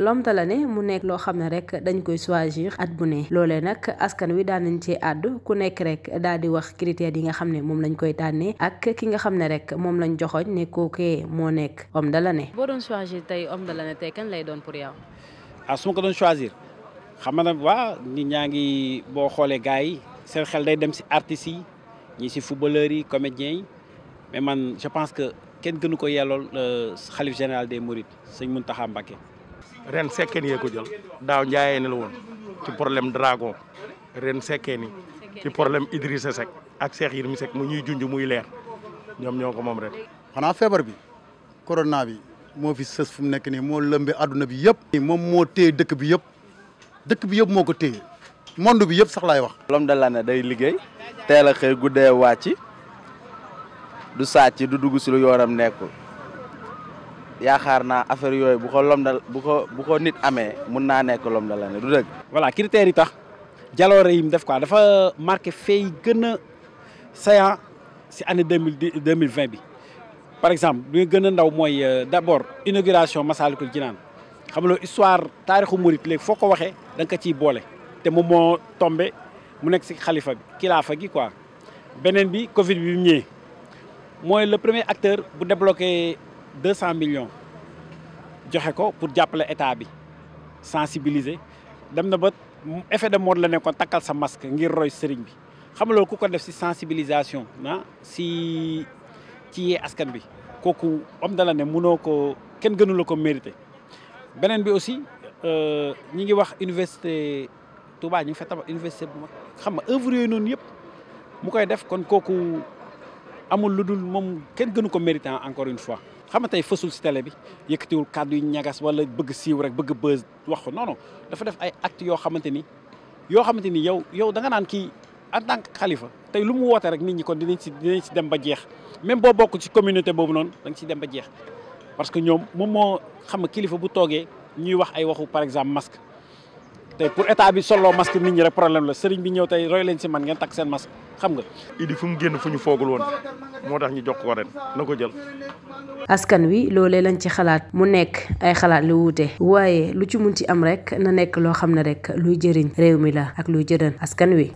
lomta la ne mu nekk loo xam ne rek dañ koy choisir at bu ne loolee nag askan wi daan nañ ci àddu ku nekk rek daal di wax critère yi nga xam ne moom lañ koy tànnee ak ki nga xam ne rek moom lañ joxoñ ne kookee moo nekk homme de l'année. boo doon choisir tey homme de l'année tey kan lay doon pour yow. ah su ma ko doon choisir xam na waa nit ñaa ngi boo xoolee gars yi seen xel day dem si artistes yi ñi si footballeurs yi comédiens yi mais man je pense que kenn gënu ko yellool xalif euh, général des Mourides sëñ Mountakha ren sekkeen yee ko jël daaw njaayeen la woon ci problème dragon ren sekkeen yi ci problème Idrissa Seck ak Cheikh Yérim Seck mu ñuy junj muy leer ñoom ñoo ko moom ren. xanaa feebar bi corona bi moo fi sës fu mu nekk nii moo lëmbee adduna bi yëpp. moom moo téye dëkk bi yëpp dëkk bi yëpp moo ko téye monde bi yëpp sax laay wax. l'homme de l'année day liggéey teel a xëy guddee wàcc du sàcc du dugg si lu yoonam yaakaar naa affaire yooyu bu ko lom dal bu ko bu ko nit amee mun naa nekk lom dal la ne du dëgg. voilà critères yi tax jaloor yi mu def quoi dafa marqué fait yi gën a saillant si année deux mille deux mille vingt bi par exemple bi nga gën a ndaw mooy euh, d' abord inauguration Massalikul Jinaan xam nga histoire taarixu murit léegi foo ko waxee da nga ko ciy boole te moom moo tombé mu nekk si xalifa bi kilaafa gi quoi beneen bi Covid bi mu ñëwee mooy le premier acteur bu débloqué. deux cent millions joxe ko pour jàppale état bi sensibiliser dem na ba effet de mode la nekkoon takkal sa masque ngir roy sëriñ bi xamaloo loolu ku ko def si sensibilisation na ah, si ci yee askan bi kooku am da la ne mënoo ko kenn gënuloo ko mérité beneen bi aussi euh, ñi ngi wax université Touba ñu feta fa tabax université bu mag xam nga œuvre yooyu noonu yëpp mu koy def kon kooku amul lu dul moom kenn gënu ko mérité encore une fois xam nga tey fësul si télé bi yëkkatiwul kàddu yu ñagas wala bëgg siiw rek bëgg bës wax ko non dafa def ay actes yoo xamante ni yoo xamante ni yow yow da nga naan kii en tant que xalifa tey lu mu woote rek nit ñi kon dinañ si dinañ si dem ba jeex même boo bokk ci communauté boobu noonu da nga si dem ba jeex parce que ñoom moom moo xam nga kilifa bu toogee ñuy wax ay waxu par exemple masque tey pour état bi solo masque nit ñi rek problème la sëriñ bi ñëw tey roy leen si man ngeen takk seen masque xam nga. idi fu mu génn fu ñu foogul woon moo tax ñu jox ko ren na ko jël. askan wi loolee lañ ci xalaat mu nekk ay xalaat lu wuute waaye lu ci mun ci am rek na nekk loo xam ne rek luy jëriñ réew mi la ak luy jëriñ askan wi.